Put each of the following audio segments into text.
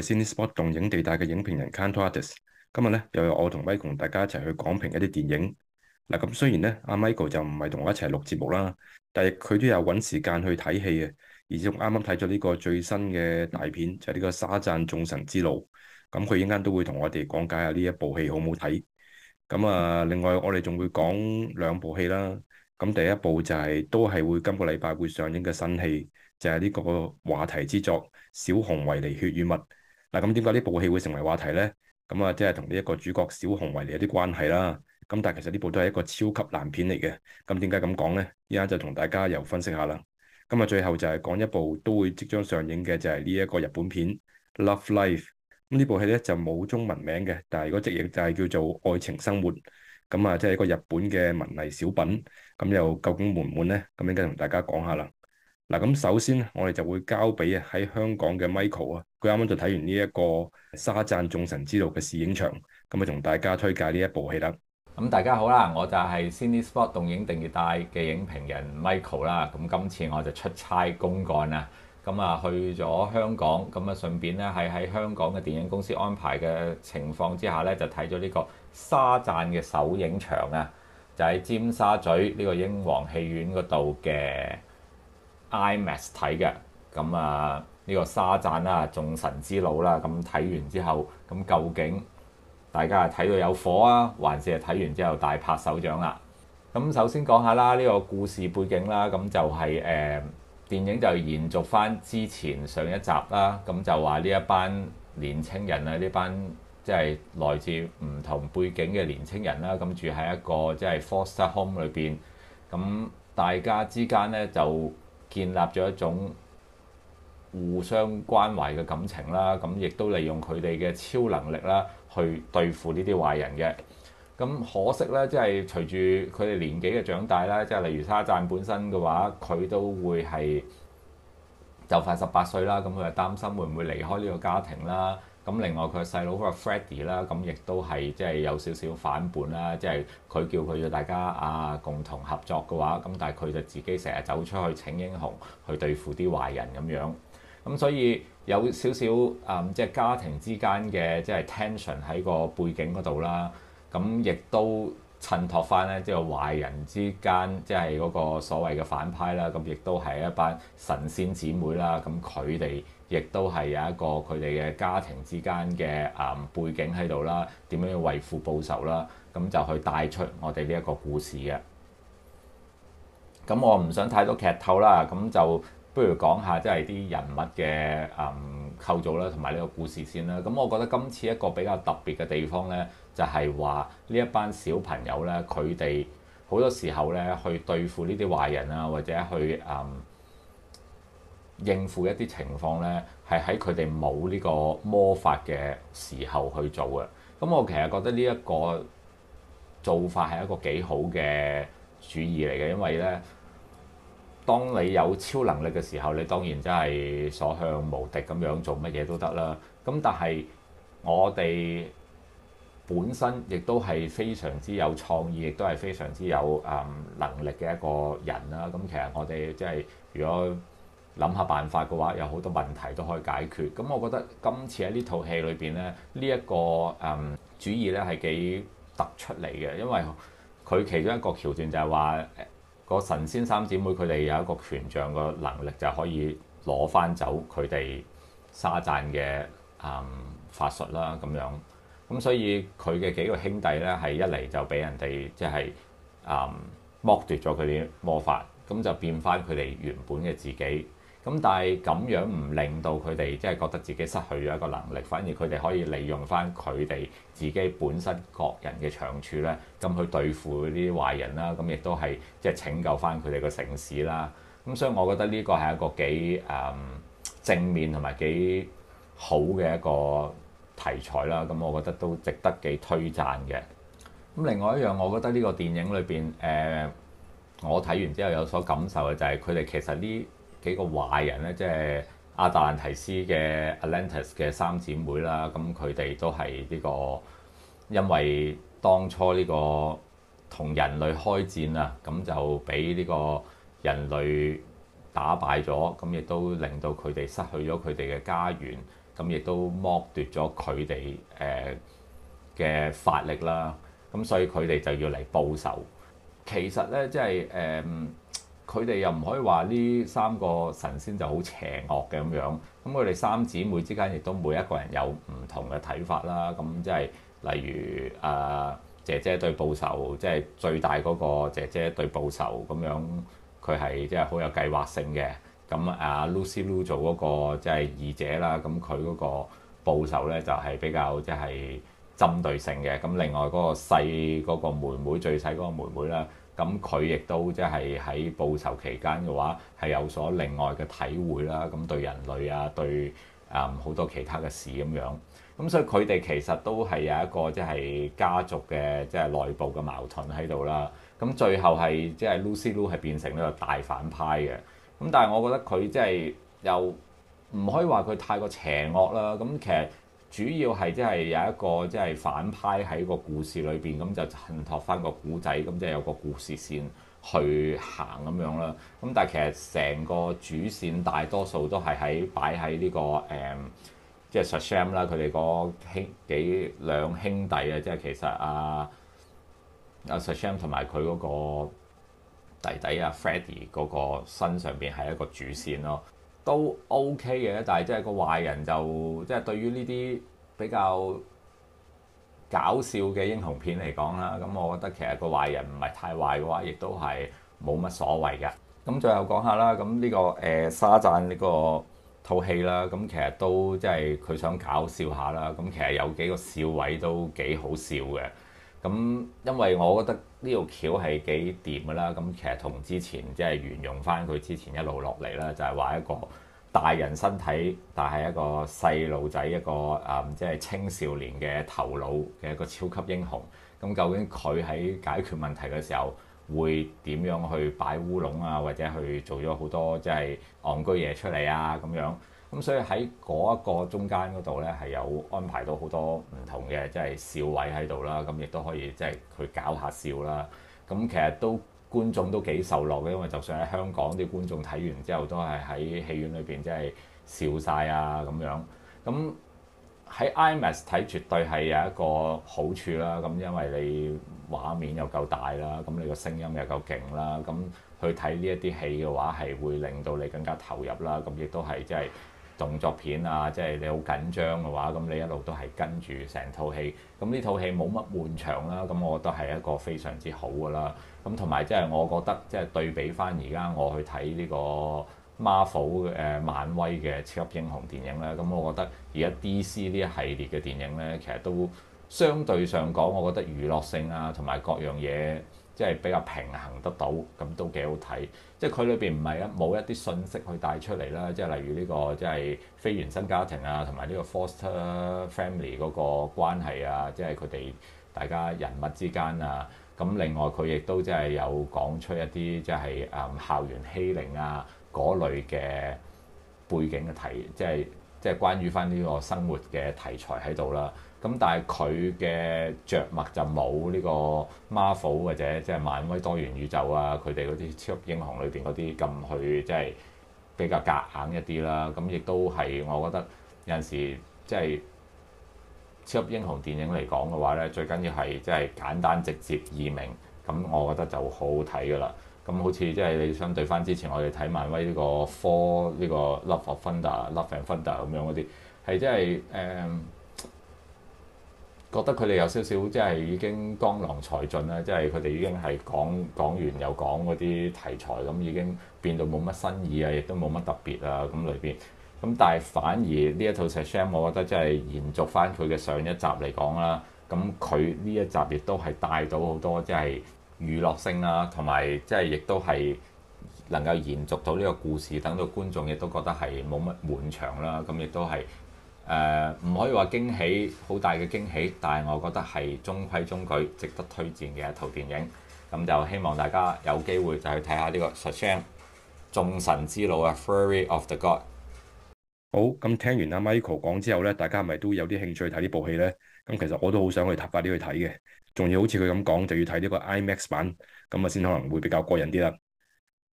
係 c i n s p o t 動影地帶嘅影評人 CantoArtist，今日咧又有我同 Mike 同大家一齊去講評一啲電影。嗱咁雖然咧阿 Michael 就唔係同我一齊錄節目啦，但係佢都有揾時間去睇戲啊，而仲啱啱睇咗呢個最新嘅大片就係、是、呢、這個《沙贊眾神之路》。咁佢一家都會同我哋講解下呢一部戲好唔好睇。咁啊，另外我哋仲會講兩部戲啦。咁第一部就係、是、都係會今個禮拜會上映嘅新戲，就係、是、呢個話題之作《小紅維尼血與物》。嗱咁點解呢部戲會成為話題呢？咁啊，即係同呢一個主角小熊維尼有啲關係啦。咁但係其實呢部都係一個超級爛片嚟嘅。咁點解咁講呢？依家就同大家又分析下啦。咁啊，最後就係講一部都會即將上映嘅就係呢一個日本片《Love Life》。咁呢部戲咧就冇中文名嘅，但係如果直譯就係叫做愛情生活。咁啊，即係一個日本嘅文藝小品。咁又究竟悶唔悶呢？咁應該同大家講下啦。嗱，咁首先我哋就會交俾喺香港嘅 Michael 啊，佢啱啱就睇完呢一個《沙贊眾神之怒》嘅試影場，咁啊同大家推介呢一部戲啦。咁、嗯、大家好啦，我就係 CineSpot 動映地帶嘅影評人 Michael 啦。咁今次我就出差公幹啦，咁啊去咗香港，咁啊順便咧係喺香港嘅電影公司安排嘅情況之下咧，就睇咗呢個《沙贊》嘅首影場啊，就喺尖沙咀呢個英皇戲院嗰度嘅。IMAX 睇嘅咁啊，呢、這個沙贊啦，眾神之怒啦，咁睇完之後，咁究竟大家係睇到有火啊，還是係睇完之後大拍手掌啦、啊？咁首先講下啦，呢、這個故事背景啦，咁就係、是、誒、呃、電影就延續翻之前上一集啦，咁就話呢一班年青人啊，呢班即係來自唔同背景嘅年青人啦，咁住喺一個即係、就是、foster home 裏邊，咁大家之間咧就～建立咗一種互相關懷嘅感情啦，咁亦都利用佢哋嘅超能力啦，去對付呢啲壞人嘅。咁可惜呢，即係隨住佢哋年紀嘅長大啦，即係例如沙贊本身嘅話，佢都會係就快十八歲啦，咁佢就擔心會唔會離開呢個家庭啦。咁另外佢細佬個 Freddie 啦，咁亦都係即係有少少反叛啦，即係佢叫佢要大家啊共同合作嘅話，咁但係佢就自己成日走出去請英雄去對付啲壞人咁樣。咁所以有少少嗯即係家庭之間嘅即係 tension 喺個背景嗰度啦。咁亦都襯托翻咧，即係壞人之間即係嗰個所謂嘅反派啦。咁亦都係一班神仙姊妹啦。咁佢哋。亦都係有一個佢哋嘅家庭之間嘅誒、嗯、背景喺度啦，點樣為父報仇啦？咁就去帶出我哋呢一個故事嘅。咁我唔想太多劇透啦，咁就不如講下即係啲人物嘅誒、嗯、構造啦，同埋呢個故事先啦。咁我覺得今次一個比較特別嘅地方呢，就係話呢一班小朋友呢，佢哋好多時候呢，去對付呢啲壞人啊，或者去誒，嗯應付一啲情況呢，係喺佢哋冇呢個魔法嘅時候去做嘅。咁我其實覺得呢一個做法係一個幾好嘅主意嚟嘅，因為呢，當你有超能力嘅時候，你當然真係所向無敵咁樣做，乜嘢都得啦。咁但係我哋本身亦都係非常之有創意，亦都係非常之有誒能力嘅一個人啦。咁其實我哋即係如果諗下辦法嘅話，有好多問題都可以解決。咁我覺得今次喺呢套戲裏邊咧，呢、這、一個誒、嗯、主意咧係幾突出嚟嘅，因為佢其中一個橋段就係話個神仙三姊妹佢哋有一個權杖嘅能力，就可以攞翻走佢哋沙贊嘅誒法術啦。咁樣咁所以佢嘅幾個兄弟咧係一嚟就俾人哋即係誒剝奪咗佢哋魔法，咁就變翻佢哋原本嘅自己。咁但係咁樣唔令到佢哋即係覺得自己失去咗一個能力，反而佢哋可以利用翻佢哋自己本身各人嘅長處咧，咁去對付啲壞人啦。咁亦都係即係拯救翻佢哋個城市啦。咁所以我覺得呢個係一個幾誒、呃、正面同埋幾好嘅一個題材啦。咁我覺得都值得幾推讚嘅。咁另外一樣，我覺得呢個電影裏邊誒，我睇完之後有所感受嘅就係佢哋其實呢，幾個壞人咧，即係《阿達蘭提斯》嘅 Atlantis 嘅三姊妹啦，咁佢哋都係呢個因為當初呢個同人類開戰啊，咁就俾呢個人類打敗咗，咁亦都令到佢哋失去咗佢哋嘅家園，咁亦都剝奪咗佢哋誒嘅法力啦，咁所以佢哋就要嚟報仇。其實咧，即係誒。呃佢哋又唔可以話呢三個神仙就好邪惡嘅咁樣，咁佢哋三姊妹之間亦都每一個人有唔同嘅睇法啦。咁即係例如啊，呃，姐姐對報仇，即係最大嗰個姐姐對報仇咁樣，佢係即係好有計劃性嘅。咁啊，Lucy Liu 嗰個即係二姐啦，咁佢嗰個報仇咧就係比較即係針對性嘅。咁另外嗰個細嗰個妹妹，最細嗰個妹妹咧。咁佢亦都即係喺報仇期間嘅話，係有所另外嘅體會啦。咁對人類啊，對啊好、嗯、多其他嘅事咁樣。咁所以佢哋其實都係有一個即係家族嘅即係內部嘅矛盾喺度啦。咁最後係即係、就是、Lucy Liu 係變成呢個大反派嘅。咁但係我覺得佢即係又唔可以話佢太過邪惡啦。咁其實～主要係即係有一個即係反派喺個故事裏邊，咁就襯托翻個古仔，咁即係有個故事線去行咁樣啦。咁但係其實成個主線大多數都係喺擺喺呢個誒、嗯，即係 Shazam 啦，佢哋個兄幾兩兄弟啊，即、啊、係其實阿阿 Shazam 同埋佢嗰個弟弟啊 Freddy 嗰個身上邊係一個主線咯。都 OK 嘅，但係即係個壞人就即係、即係、對於呢啲比較搞笑嘅英雄片嚟講啦，咁我覺得其實個壞人唔係太壞嘅話，亦都係冇乜所謂嘅。咁最後講下啦，咁呢、呢個誒、呃、沙贊呢個套戲啦，咁其實都即係佢想搞笑下啦，咁其實有幾個笑位都幾好笑嘅。咁因為我覺得。呢個條橋係幾掂噶啦？咁其實同之前即係沿用翻佢之前一路落嚟啦，就係、是、話一個大人身體，但係一個細路仔一個誒、嗯，即係青少年嘅頭腦嘅一個超級英雄。咁究竟佢喺解決問題嘅時候會點樣去擺烏龍啊？或者去做咗好多即係戇居嘢出嚟啊？咁樣。咁所以喺嗰一個中間嗰度咧，係有安排到好多唔同嘅，即係笑位喺度啦。咁亦都可以即係去搞下笑啦。咁其實都觀眾都幾受落嘅，因為就算喺香港啲觀眾睇完之後都係喺戲院裏邊，即係笑晒啊咁樣。咁喺 IMAX 睇絕對係有一個好處啦。咁因為你畫面又夠大啦，咁你個聲音又夠勁啦。咁去睇呢一啲戲嘅話，係會令到你更加投入啦。咁亦都係即係。就是動作片啊，即係你好緊張嘅話，咁你一路都係跟住成套戲。咁呢套戲冇乜悶場啦，咁我覺得係一個非常之好噶啦。咁同埋即係我覺得即係對比翻而家我去睇呢個 Marvel 誒、呃、漫威嘅超級英雄電影咧，咁我覺得而家 DC 呢一系列嘅電影呢，其實都相對上講，我覺得娛樂性啊同埋各樣嘢。即係比較平衡得到，咁都幾好睇。即係佢裏邊唔係一冇一啲信息去帶出嚟啦，即係例如呢個即係非原生家庭啊，同埋呢個 foster family 嗰個關係啊，即係佢哋大家人物之間啊。咁另外佢亦都即係有講出一啲即係誒校園欺凌啊嗰類嘅背景嘅題，即係即係關於返呢個生活嘅題材喺度啦。咁但係佢嘅着墨就冇呢個 Marvel 或者即係漫威多元宇宙啊，佢哋嗰啲超級英雄裏邊嗰啲，咁佢即係比較夾硬一啲啦。咁亦都係我覺得有陣時即係超級英雄電影嚟講嘅話咧，最緊要係即係簡單直接易明。咁我覺得就好好睇㗎啦。咁好似即係你相對翻之前我哋睇漫威呢個科呢個 Love of Thunder Love and Thunder 咁樣嗰啲係即係誒。是就是呃覺得佢哋有少少即係已經江郎才盡啦，即係佢哋已經係講講完又講嗰啲題材咁，已經變到冇乜新意啊，亦都冇乜特別啊咁裏邊。咁但係反而呢一套《沙贊》，我覺得即係延續翻佢嘅上一集嚟講啦。咁佢呢一集亦都係帶到好多即係、就是、娛樂性啦，同埋即係亦都係能夠延續到呢個故事，等到觀眾亦都覺得係冇乜悶場啦。咁亦都係。誒唔、uh，可以話驚喜，好大嘅驚喜，但係我覺得係中規中矩，值得推薦嘅一套電影。咁就希望大家有機會就去睇下呢個《沙贊：眾神之怒》啊，《Fury of the Gods》。好，咁聽完阿 Michael 講之後咧，大家係咪都有啲興趣睇呢部戲咧？咁其實我都好想去踏快啲去睇嘅，仲要好似佢咁講，就要睇呢個 IMAX 版，咁啊先可能會比較過癮啲啦。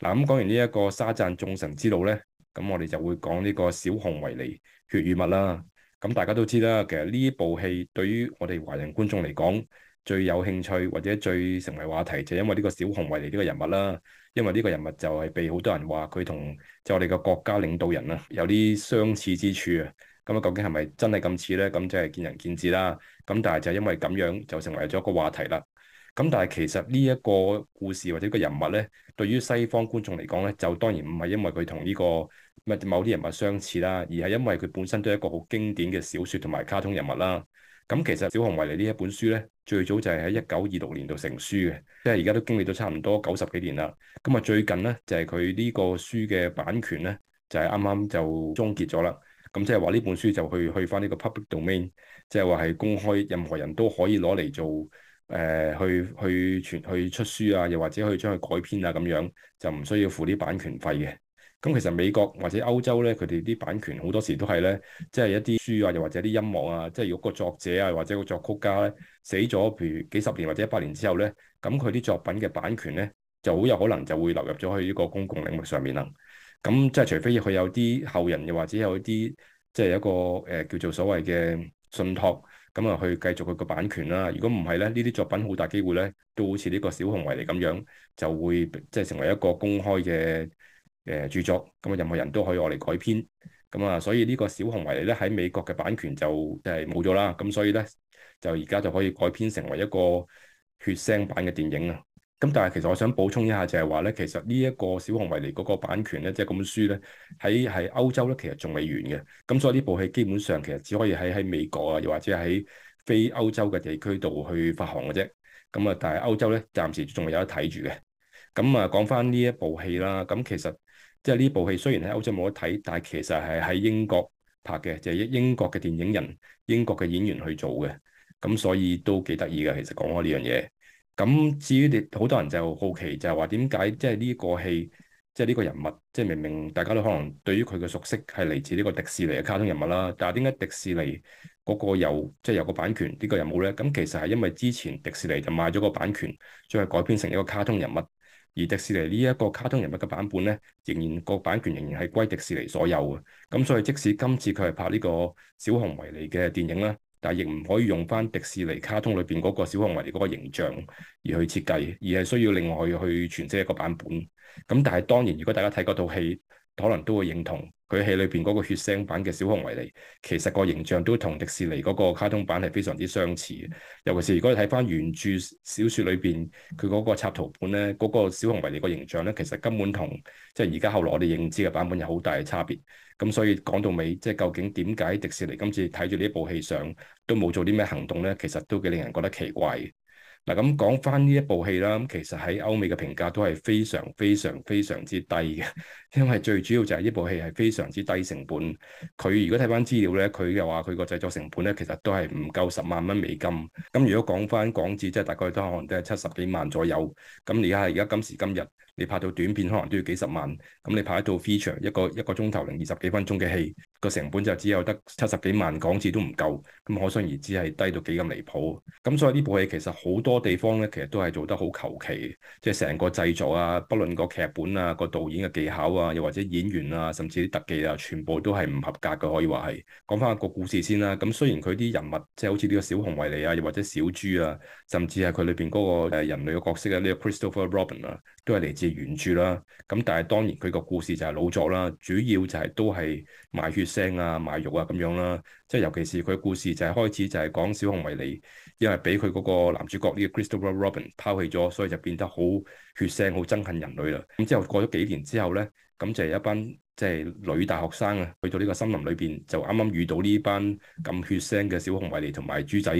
嗱，咁講完呢一個《沙贊：眾神之怒呢》咧。咁我哋就會講呢個小熊維尼血與蜜啦。咁大家都知啦，其實呢部戲對於我哋華人觀眾嚟講最有興趣或者最成為話題，就因為呢個小熊維尼呢個人物啦。因為呢個人物就係被好多人話佢同就我哋個國家領導人啊有啲相似之處啊。咁啊，究竟係咪真係咁似呢？咁就係見仁見智啦。咁但係就係因為咁樣就成為咗個話題啦。咁但係其實呢一個故事或者個人物呢，對於西方觀眾嚟講呢，就當然唔係因為佢同呢個。唔係某啲人物相似啦，而係因為佢本身都係一個好經典嘅小說同埋卡通人物啦。咁其實《小熊維尼》呢一本書咧，最早就係喺一九二六年度成書嘅，即係而家都經歷咗差唔多九十幾年啦。咁啊，最近咧就係佢呢個書嘅版權咧，就係啱啱就終結咗啦。咁即係話呢本書就去去翻呢個 public domain，即係話係公開，任何人都可以攞嚟做誒、呃、去去傳去出書啊，又或者可以將佢改編啊咁樣，就唔需要付啲版權費嘅。咁其實美國或者歐洲咧，佢哋啲版權好多時都係咧，即係一啲書啊，又或者啲音樂啊，即係如果個作者啊，或者個作曲家咧死咗，譬如幾十年或者一百年之後咧，咁佢啲作品嘅版權咧就好有可能就會流入咗去呢個公共領域上面啦。咁即係除非佢有啲後人又或者有一啲即係一個誒、呃、叫做所謂嘅信託，咁啊去繼續佢個版權啦、啊。如果唔係咧，呢啲作品好大機會咧，都好似呢個小熊維尼咁樣，就會即係成為一個公開嘅。誒，著作咁啊，任何人都可以我嚟改編，咁啊，所以呢個小熊維尼咧喺美國嘅版權就即係冇咗啦，咁、就是、所以咧就而家就可以改編成為一個血腥版嘅電影啊，咁但係其實我想補充一下就係話咧，其實呢一個小熊維尼嗰個版權咧，即係咁本書咧喺係歐洲咧，其實仲未完嘅，咁所以呢部戲基本上其實只可以喺喺美國啊，又或者喺非歐洲嘅地區度去發行嘅啫，咁啊，但係歐洲咧暫時仲有得睇住嘅，咁啊講翻呢一部戲啦，咁其實。即係呢部戲雖然喺歐洲冇得睇，但係其實係喺英國拍嘅，就係、是、英英國嘅電影人、英國嘅演員去做嘅，咁所以都幾得意嘅。其實講開呢樣嘢，咁至於你好多人就好奇就係話點解即係呢個戲，即係呢個，個人物，即係明明大家都可能對於佢嘅熟悉係嚟自呢個迪士尼嘅卡通人物啦，但係點解迪士尼嗰個有即係、就是、有個版權、這個、呢個人冇咧？咁其實係因為之前迪士尼就買咗個版權，將佢改編成一個卡通人物。而迪士尼呢一個卡通人物嘅版本呢，仍然個版權仍然係歸迪士尼所有嘅。咁所以即使今次佢係拍呢個小熊維尼嘅電影啦，但係亦唔可以用翻迪士尼卡通裏邊嗰個小熊維尼嗰個形象而去設計，而係需要另外去詮釋一個版本。咁但係當然，如果大家睇嗰套戲，可能都會認同。佢戲裏邊嗰個血腥版嘅小熊維尼，其實個形象都同迪士尼嗰個卡通版係非常之相似。尤其是如果你睇翻原著小説裏邊，佢嗰個插圖本咧，嗰個小熊維尼個形象咧，其實根本同即係而家後來我哋認知嘅版本有好大嘅差別。咁所以講到尾，即係究竟點解迪士尼今次睇住呢一部戲上都冇做啲咩行動咧？其實都幾令人覺得奇怪。嗱，咁講翻呢一部戲啦，咁其實喺歐美嘅評價都係非常非常非常之低嘅。因為最主要就係呢部戲係非常之低成本，佢如果睇翻資料咧，佢嘅話佢個製作成本咧，其實都係唔夠十萬蚊美金。咁如果講翻港紙，即係大概都可能都係七十幾萬左右。咁而家係而家今時今日，你拍到短片可能都要幾十萬，咁你拍一套 feature 一個一個鐘頭零二十幾分鐘嘅戲，個成本就只有得七十幾萬港紙都唔夠。咁可想而知係低到幾咁離譜。咁所以呢部戲其實好多地方咧，其實都係做得好求其，即係成個製作啊，不論個劇本啊，個導演嘅技巧啊。啊！又或者演員啊，甚至啲特技啊，全部都係唔合格嘅，可以話係講返個故事先啦。咁雖然佢啲人物，即係好似呢個小熊維尼啊，又或者小豬啊，甚至係佢裏邊嗰個誒人類嘅角色咧、啊，呢、呢個 Christopher Robin 啊，都係嚟自原著啦，咁但係當然佢個故事就係老作啦，主要就係都係賣血腥啊、賣肉啊咁樣啦，即係尤其是佢故事就係開始就係講小熊維尼，因為俾佢嗰個男主角呢個 Christopher Robin 拋棄咗，所以就變得好血腥、好憎恨人類啦。咁之後過咗幾年之後咧，咁就係一班即係女大學生啊，去到呢個森林裏邊就啱啱遇到呢班咁血腥嘅小熊維尼同埋豬仔，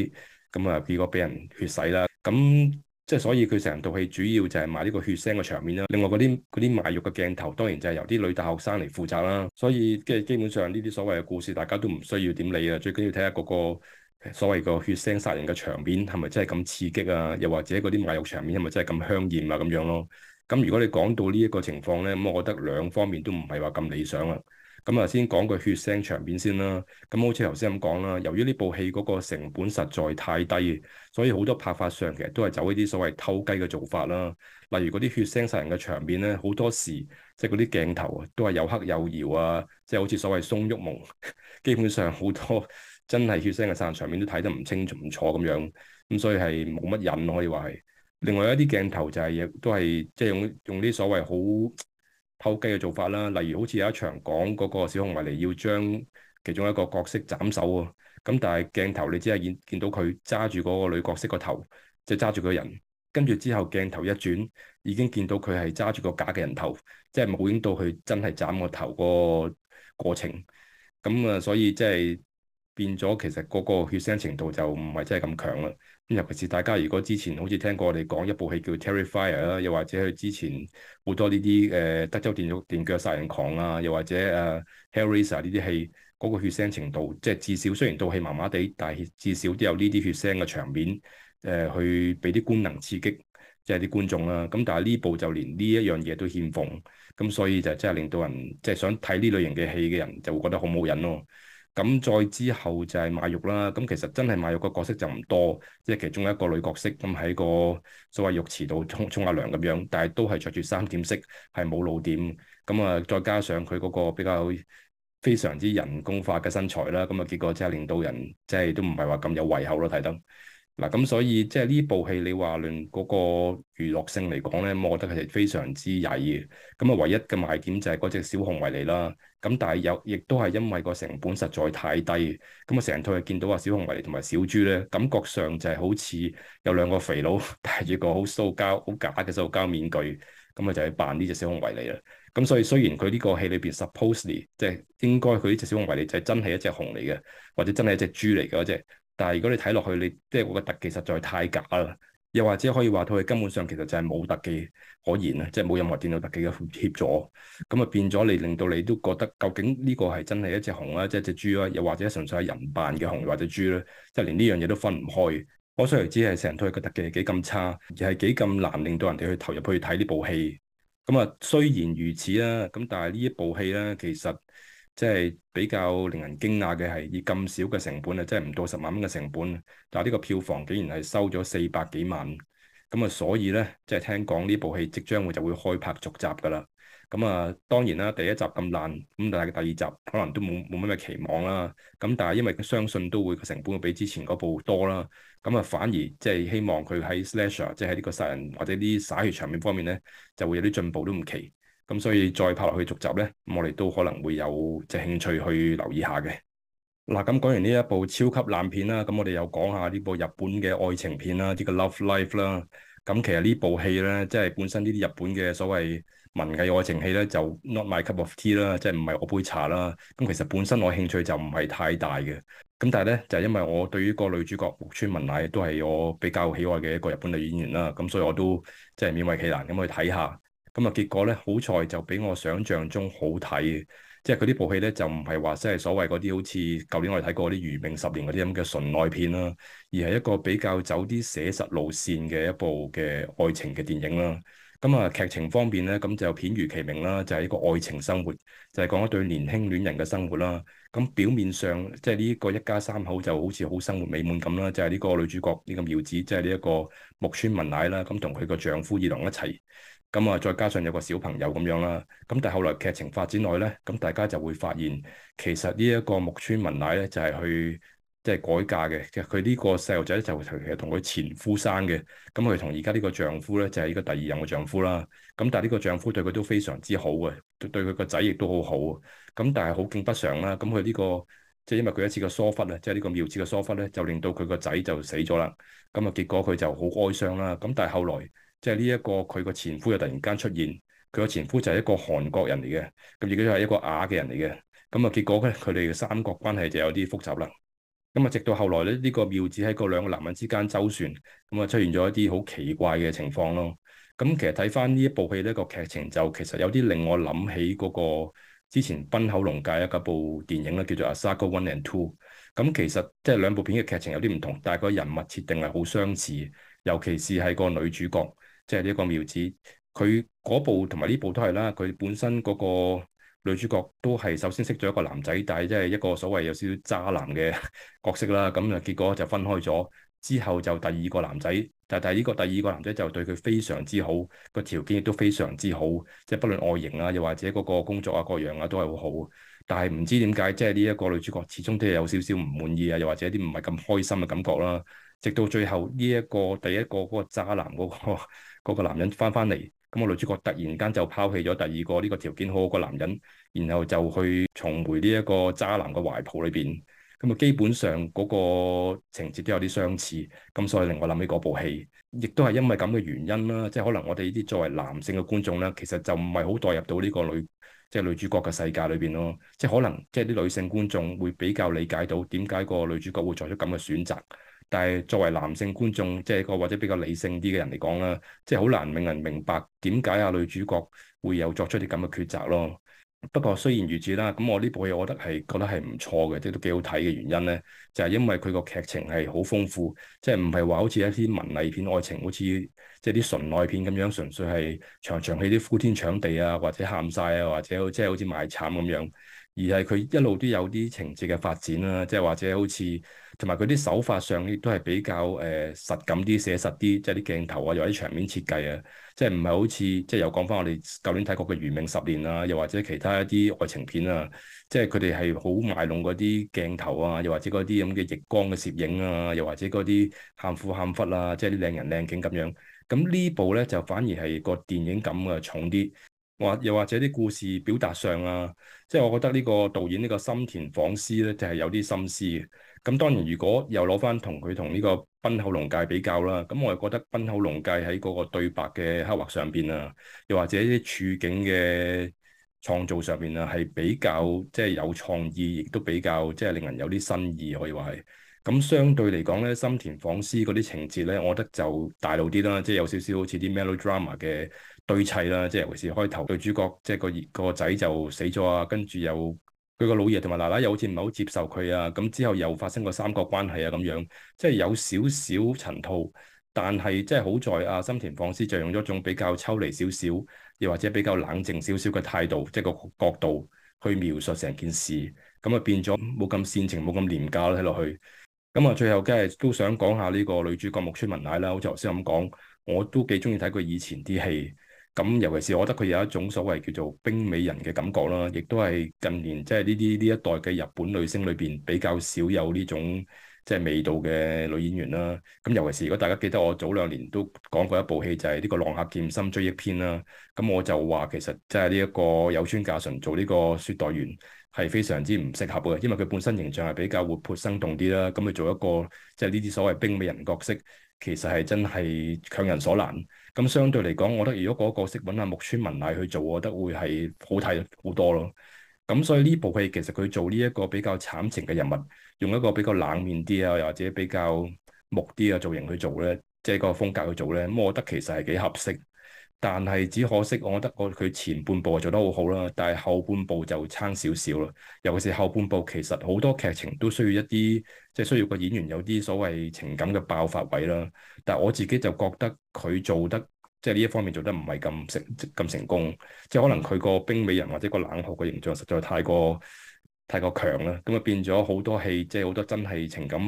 咁啊結果俾人血洗啦，咁。即係所以佢成套戲主要就係賣呢個血腥嘅場面啦，另外嗰啲嗰啲賣肉嘅鏡頭，當然就係由啲女大學生嚟負責啦。所以即係基本上呢啲所謂嘅故事，大家都唔需要點理啊。最緊要睇下個個所謂個血腥殺人嘅場面係咪真係咁刺激啊？又或者嗰啲賣肉場面係咪真係咁香艷啊？咁樣咯。咁如果你講到呢一個情況咧，咁我覺得兩方面都唔係話咁理想啊。咁啊、嗯，先講個血腥場面先啦。咁好似頭先咁講啦，由於呢部戲嗰個成本實在太低，所以好多拍法上其實都係走一啲所謂偷雞嘅做法啦。例如嗰啲血腥殺人嘅場面咧，好多時即係嗰啲鏡頭啊，都係又黑又搖啊，即、就、係、是、好似所謂鬆郁矇。 基本上好多真係血腥嘅殺人場面都睇得唔清楚唔錯咁樣，咁、嗯、所以係冇乜癮可以話係。另外一啲鏡頭就係、是、亦都係即係用用啲所謂好。偷雞嘅做法啦，例如好似有一場講嗰個小熊維尼要將其中一個角色斬首啊。咁但係鏡頭你只係見見到佢揸住嗰個女角色個頭，即係揸住佢個人，跟住之後鏡頭一轉，已經見到佢係揸住個假嘅人頭，即係冇影到佢真係斬個頭個過程，咁啊，所以即係變咗其實個個血腥程度就唔係真係咁強啦。尤其是大家如果之前好似聽過我哋講一部戲叫《Terrifier》啦，又或者佢之前好多呢啲誒德州電腳電鋸殺人狂啊，又或者誒《Hellraiser》呢啲戲，嗰、那個血腥程度，即係至少雖然套戲麻麻地，但係至少都有呢啲血腥嘅場面，誒、呃、去俾啲官能刺激，即係啲觀眾啦、啊。咁但係呢部就連呢一樣嘢都欠奉，咁所以就真係令到人即係、就是、想睇呢類型嘅戲嘅人就會覺得好冇癮咯。咁再之後就係賣肉啦，咁其實真係賣肉個角色就唔多，即係其中一個女角色咁喺個所謂浴池度沖沖下涼咁樣，但係都係着住三點式，係冇露點，咁啊再加上佢嗰個比較非常之人工化嘅身材啦，咁啊結果即係令到人即係都唔係話咁有胃口咯睇得。嗱咁、啊、所以即係呢部戲，你話論嗰個娛樂性嚟講咧、嗯，我覺得係非常之曳嘅。咁啊，唯一嘅賣點就係嗰隻小熊維尼啦。咁但係有，亦都係因為個成本實在太低。咁啊，成套係見到啊小熊維尼同埋小豬咧，感覺上就係好似有兩個肥佬戴住個好塑膠、好假嘅塑膠面具。咁啊，就去扮呢隻小熊維尼啦。咁所以雖然佢呢個戲裏邊 supposedly 即係應該佢呢隻小熊維尼就係真係一隻熊嚟嘅，或者真係一隻豬嚟嘅嗰隻。但係如果你睇落去，你即係我個特技實在太假啦，又或者可以話佢根本上其實就係冇特技可言啦，即係冇任何電腦特技嘅協助，咁啊變咗你令到你都覺得究竟呢個係真係一隻熊啊，即係一隻豬啊，又或者純粹係人扮嘅熊或者豬咧，即係連呢樣嘢都分唔開。可想而知係成套嘅特技係幾咁差，而係幾咁難令到人哋去投入去睇呢部戲。咁啊雖然如此啦，咁但係呢一部戲咧其實。即係比較令人驚訝嘅係，以咁少嘅成本啊，即係唔到十萬蚊嘅成本，但係呢個票房竟然係收咗四百幾萬。咁啊，所以咧，即係聽講呢部戲即將會就會開拍續集㗎啦。咁啊，當然啦，第一集咁爛，咁但係第二集可能都冇冇乜嘅期望啦。咁但係因為相信都會個成本會比之前嗰部多啦。咁啊，反而即係希望佢喺 slasher，即係喺呢個殺人或者啲灑血場面方面咧，就會有啲進步都唔奇。咁所以再拍落去續集呢，我哋都可能會有即係興趣去留意下嘅。嗱，咁講完呢一部超級爛片啦，咁我哋又講下呢部日本嘅愛情片啦，呢個 Love Life 啦。咁其實呢部戲呢，即係本身呢啲日本嘅所謂文藝愛情戲呢，就 Not My Cup Of Tea 啦，即係唔係我杯茶啦。咁其實本身我興趣就唔係太大嘅。咁但係呢，就係因為我對於個女主角木村文乃都係我比較喜愛嘅一個日本女演員啦，咁所以我都即係勉為其難咁去睇下。咁啊，結果咧好彩就比我想象中好睇，即係佢呢部戲咧就唔係話即係所謂嗰啲好似舊年我哋睇過啲《餘命十年》嗰啲咁嘅純愛片啦，而係一個比較走啲寫實路線嘅一部嘅愛情嘅電影啦。咁、嗯、啊，劇情方面咧，咁就片如其名啦，就係、是、一個愛情生活，就係、是、講一對年輕戀人嘅生活啦。咁表面上即係呢一個一家三口就好似好生活美滿咁啦，就係、是、呢個女主角呢、這個妙子，即係呢一個木村文乃啦，咁同佢個丈夫二郎一齊。咁啊，再加上有個小朋友咁樣啦，咁但係後來劇情發展內咧，咁大家就會發現，其實呢一個木村文乃咧就係去即係、就是、改嫁嘅，其實佢呢個細路仔咧就其實同佢前夫生嘅，咁佢同而家呢個丈夫咧就係呢個第二任嘅丈夫啦。咁但係呢個丈夫對佢都非常之好啊，對佢個仔亦都好好。啊。咁但係好景不常啦，咁佢呢個即係因為佢一次嘅疏忽啊，即係呢個妙子嘅疏忽咧，就令到佢個仔就死咗啦。咁啊，結果佢就好哀傷啦。咁但係後來，即係呢一個佢個前夫又突然間出現，佢個前夫就係一個韓國人嚟嘅，咁亦都係一個啞嘅人嚟嘅，咁啊結果咧佢哋嘅三角關係就有啲複雜啦。咁啊直到後來咧呢、這個妙子喺個兩個男人之間周旋，咁啊出現咗一啲好奇怪嘅情況咯。咁其實睇翻呢一部戲咧個劇情就其實有啲令我諗起嗰、那個之前濱口龍介一嗰部電影咧叫做《阿薩哥 One and Two》。咁其實即係兩部片嘅劇情有啲唔同，但係個人物設定係好相似，尤其是係個女主角。即係呢一個妙子，佢嗰部同埋呢部都係啦，佢本身嗰個女主角都係首先識咗一個男仔，但係即係一個所謂有少少渣男嘅角色啦，咁啊結果就分開咗。之後就第二個男仔，但係呢個第二個男仔就對佢非常之好，個條件亦都非常之好，即係不論外形啊，又或者嗰個工作啊各樣啊都係好好。但係唔知點解，即係呢一個女主角始終都係有少少唔滿意啊，又或者啲唔係咁開心嘅感覺啦。直到最後呢一個第一個嗰個渣男嗰個嗰個男人翻翻嚟，咁個女主角突然間就拋棄咗第二個呢個條件好好個男人，然後就去重回呢一個渣男嘅懷抱裏邊，咁啊，基本上嗰個情節都有啲相似。咁所以令我諗起嗰部戲，亦都係因為咁嘅原因啦。即係可能我哋呢啲作為男性嘅觀眾咧，其實就唔係好代入到呢個女，即係女主角嘅世界裏邊咯。即係可能即係啲女性觀眾會比較理解到點解個女主角會做出咁嘅選擇。但係作為男性觀眾，即係一個或者比較理性啲嘅人嚟講啦，即係好難令人明白點解啊女主角會有作出啲咁嘅抉擇咯。不過雖然如此啦，咁我呢部戲我覺得係覺得係唔錯嘅，即係都幾好睇嘅原因咧，就係因為佢個劇情係好豐富，即係唔係話好似一啲文藝片愛情好，好似即係啲純愛片咁樣，純粹係場場戲啲呼天搶地啊，或者喊晒啊，或者即係好似賣慘咁樣。而係佢一路都有啲情節嘅發展啦，即係或者好似同埋佢啲手法上亦都係比較誒、呃、實感啲、寫實啲，即係啲鏡頭啊，又或者場面設計啊，即係唔係好似即係又講翻我哋舊年睇過嘅《餘命十年》啊，又或者其他一啲愛情片啊，即係佢哋係好賣弄嗰啲鏡頭啊，又或者嗰啲咁嘅逆光嘅攝影啊，又或者嗰啲喊苦喊忽啊，即係啲靚人靚景咁樣。咁呢部咧就反而係個電影感啊重啲。或又或者啲故事表達上啊，即係我覺得呢個導演呢個深田晃司咧，就係有啲心思嘅。咁當然，如果又攞翻同佢同呢個濱口龍介比較啦，咁我又覺得濱口龍介喺嗰個對白嘅刻畫上邊啊，又或者啲處境嘅創造上邊啊，係比較即係、就是、有創意，亦都比較即係、就是、令人有啲新意，可以話係。咁相對嚟講咧，心田放絲深田晃司嗰啲情節咧，我覺得就大路啲啦，即係有少少好似啲 melodrama 嘅堆砌啦，即係尤其是開頭女主角即係個個仔就死咗啊，跟住又佢個老爺同埋奶奶又好似唔係好接受佢啊，咁之後又發生過三角關係啊咁樣，即係有少少陳套，但係即係好在啊，深田晃司就用咗一種比較抽離少少，又或者比較冷靜少少嘅態度，即係個角度去描述成件事，咁啊變咗冇咁煽情，冇咁廉價咯睇落去。咁啊，最後梗係都想講下呢個女主角木村文乃啦。好似頭先咁講，我都幾中意睇佢以前啲戲。咁尤其是我覺得佢有一種所謂叫做冰美人嘅感覺啦，亦都係近年即係呢啲呢一代嘅日本女星裏邊比較少有呢種。即係味道嘅女演員啦，咁尤其是如果大家記得我早兩年都講過一部戲，就係呢個《浪客劍心追憶篇》啦，咁我就話其實即係呢一個有村架純做呢個雪代員係非常之唔適合嘅，因為佢本身形象係比較活潑生動啲啦，咁佢做一個即係呢啲所謂冰美人角色，其實係真係強人所難。咁相對嚟講，我覺得如果嗰個角色揾木村文乃去做，我覺得會係好睇好多咯。咁所以呢部戲其實佢做呢一個比較慘情嘅人物。用一個比較冷面啲啊，又或者比較木啲嘅造型去做咧，即係個風格去做咧，咁我覺得其實係幾合適，但係只可惜我覺得我佢前半部做得好好啦，但係後半部就差少少啦。尤其是後半部，其實好多劇情都需要一啲即係需要個演員有啲所謂情感嘅爆發位啦。但係我自己就覺得佢做得即係呢一方面做得唔係咁成咁、嗯、成功，即係可能佢個冰美人或者個冷酷嘅形象實在太過太過強啦，咁啊變咗好多戲，即係好多真係情感，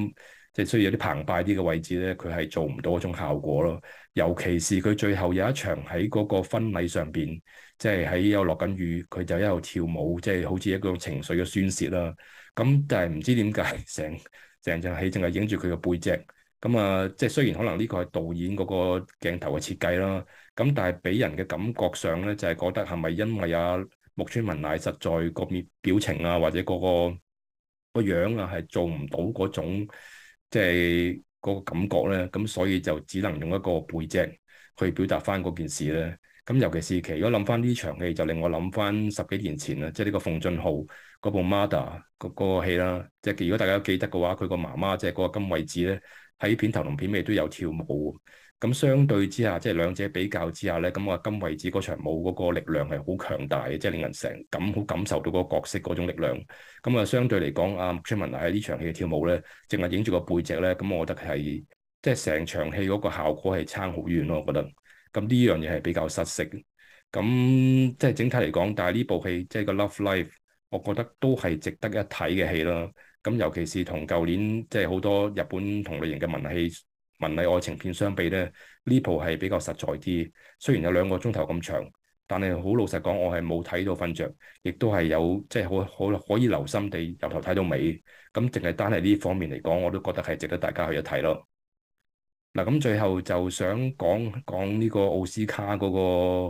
即係需要有啲澎湃啲嘅位置咧，佢係做唔到嗰種效果咯。尤其是佢最後有一場喺嗰個婚禮上邊，即係喺有落緊雨，佢就一路跳舞，即係好似一個情緒嘅宣泄啦。咁但係唔知點解成成場戲淨係影住佢嘅背脊，咁啊，即係雖然可能呢個係導演嗰個鏡頭嘅設計啦，咁但係俾人嘅感覺上咧，就係覺得係咪因為啊？木村文乃實在個面表情啊，或者、嗰個個個樣啊，係做唔到嗰種即係嗰個感覺咧，咁所以就只能用一個背脊去表達翻嗰件事咧。咁尤其是其如果諗翻呢場戲，就令我諗翻十幾年前啊，即係呢個奉俊昊嗰部 mother 嗰、嗰個戲啦。即係如果大家都記得嘅話，佢個媽媽即係嗰個金惠子咧，喺片頭同片尾都有跳舞。咁相對之下，即係兩者比較之下咧，咁話金惠子嗰場舞嗰個力量係好強大嘅，即係令人成感好感受到嗰個角色嗰種力量。咁啊，相對嚟講，阿木村文乃喺呢場戲嘅跳舞咧，淨係影住個背脊咧，咁我覺得係即係成場戲嗰個效果係差好遠咯。我覺得，咁呢樣嘢係比較失色。咁即係整體嚟講，但係呢部戲即係個 Love Life，我覺得都係值得一睇嘅戲啦。咁尤其是同舊年即係好多日本同類型嘅文戲，文藝愛情片相比咧，呢部係比較實在啲。雖然有兩個鐘頭咁長，但係好老實講，我係冇睇到瞓着，亦都係有即係可可可以留心地由頭睇到尾。咁淨係單係呢方面嚟講，我都覺得係值得大家去一睇咯。嗱，咁最後就想講講呢個奧斯卡嗰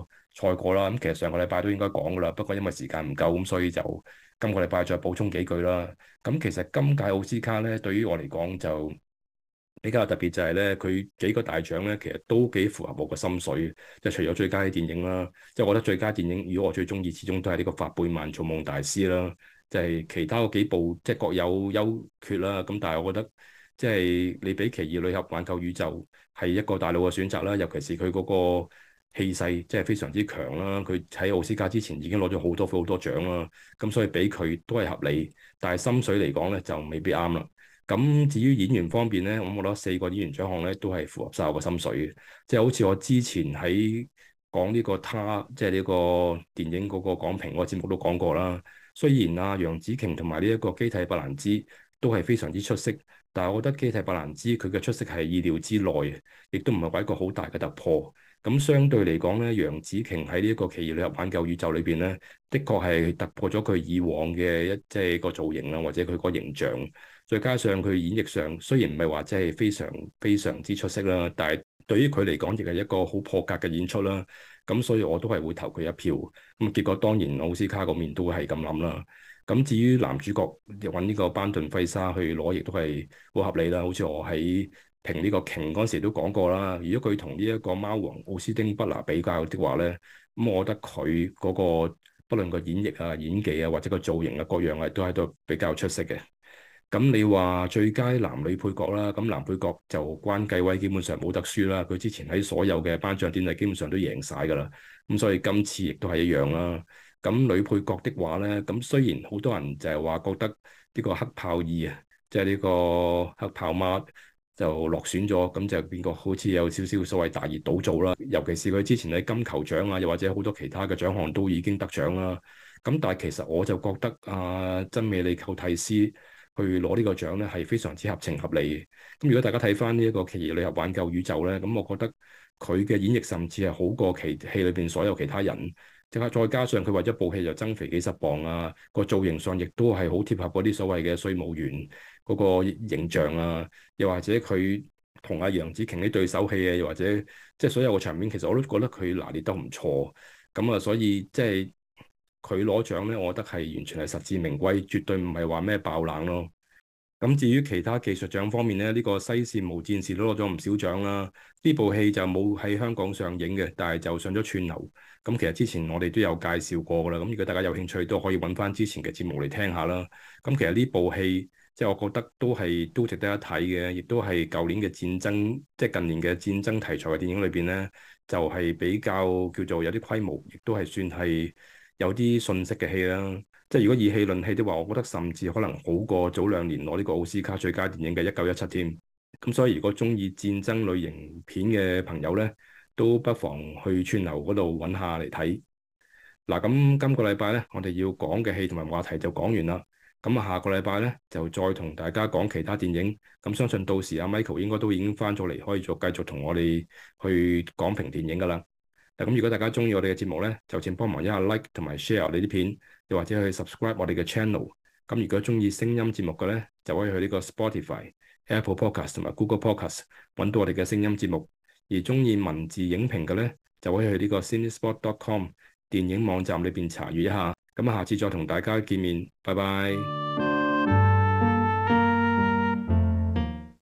個賽果啦。咁其實上個禮拜都應該講㗎啦，不過因為時間唔夠，咁所以就今個禮拜再補充幾句啦。咁其實今屆奧斯卡咧，對於我嚟講就～比較特別就係咧，佢幾個大獎咧，其實都幾符合我嘅心水。即係除咗最佳電影啦，即係我覺得最佳電影，如果我最中意，始終都係呢個《法貝曼造夢大師》啦。就係其他嗰幾部，即係各有優缺啦。咁但係我覺得，即係你比《奇異女俠玩救宇宙》係一個大路嘅選擇啦。尤其是佢嗰個氣勢，即係非常之強啦。佢喺奧斯卡之前已經攞咗好多好多獎啦。咁所以俾佢都係合理，但係心水嚟講咧，就未必啱啦。咁至於演員方面咧，我覺得四個演員獎項咧都係符合晒我嘅心水嘅，即係好似我之前喺講呢個他，即係呢個電影嗰個講評嗰個節目都講過啦。雖然啊，楊紫瓊同埋呢一個基蒂伯蘭茲都係非常之出色，但係我覺得基蒂伯蘭茲佢嘅出色係意料之內，亦都唔係話一個好大嘅突破。咁相對嚟講咧，楊紫瓊喺呢一個奇異女俠玩救宇宙裏邊咧，的確係突破咗佢以往嘅一即係個造型啦，或者佢個形象。再加上佢演繹上雖然唔係話即係非常非常之出色啦，但係對於佢嚟講亦係一個好破格嘅演出啦。咁所以我都係會投佢一票。咁結果當然奧斯卡嗰面都會係咁諗啦。咁至於男主角揾呢個班頓費沙去攞，亦都係好合理啦。好似我喺評呢個鯨嗰陣時都講過啦。如果佢同呢一個貓王奧斯丁不拿比較的話咧，咁我覺得佢嗰個，不論個演繹啊、演技啊，或者個造型啊，各樣啊都喺度比較出色嘅。咁你話最佳男女配角啦，咁男配角就關繼威基本上冇得輸啦，佢之前喺所有嘅頒獎典禮基本上都贏晒噶啦，咁所以今次亦都係一樣啦。咁女配角的話咧，咁雖然好多人就係話覺得呢個黑豹二啊，即係呢個黑豹媽就落選咗，咁就變個好似有少少所謂大熱倒灶啦？尤其是佢之前喺金球獎啊，又或者好多其他嘅獎項都已經得獎啦。咁但係其實我就覺得啊，真美你寇提斯。去攞呢個獎咧，係非常之合情合理嘅。咁如果大家睇翻呢一個奇異女俠玩救宇宙咧，咁我覺得佢嘅演繹甚至係好過其戲裏邊所有其他人。即係再加上佢為咗部戲就增肥幾十磅啊，個造型上亦都係好貼合嗰啲所謂嘅稅務員嗰個形象啊。又或者佢同阿楊紫瓊嘅對手戲啊，又或者即係所有嘅場面，其實我都覺得佢拿捏得唔錯。咁啊，所以即係。就是佢攞獎咧，我覺得係完全係實至名歸，絕對唔係話咩爆冷咯。咁至於其他技術獎方面咧，呢個《西線無戰事》都攞咗唔少獎啦。呢部戲就冇喺香港上映嘅，但係就上咗串流。咁其實之前我哋都有介紹過㗎啦。咁如果大家有興趣，都可以揾翻之前嘅節目嚟聽下啦。咁其實呢部戲，即係我覺得都係都值得一睇嘅，亦都係舊年嘅戰爭，即係近年嘅戰爭題材嘅電影裏邊咧，就係比較叫做有啲規模，亦都係算係。有啲信息嘅戲啦，即係如果以戲論戲的話，我覺得甚至可能好過早兩年攞呢個奧斯卡最佳電影嘅一九一七添。咁、嗯、所以如果中意戰爭類型片嘅朋友呢，都不妨去串流嗰度揾下嚟睇。嗱、啊、咁、嗯、今個禮拜呢，我哋要講嘅戲同埋話題就講完啦。咁、嗯、啊、下個禮拜呢，就再同大家講其他電影。咁、嗯、相信到時阿、啊、Michael 應該都已經翻咗嚟，可以再，繼續同我哋去講評電影噶啦。咁，如果大家中意我哋嘅節目咧，就請幫忙一下 like 同埋 share 你啲片，又或者去 subscribe 我哋嘅 channel。咁如果中意聲音節目嘅咧，就可以去呢個 Spotify、Apple Podcast 同埋 Google Podcast 揾到我哋嘅聲音節目。而中意文字影評嘅咧，就可以去呢個 Cinespot.com 電影網站裏邊查閲一下。咁下次再同大家見面，拜拜。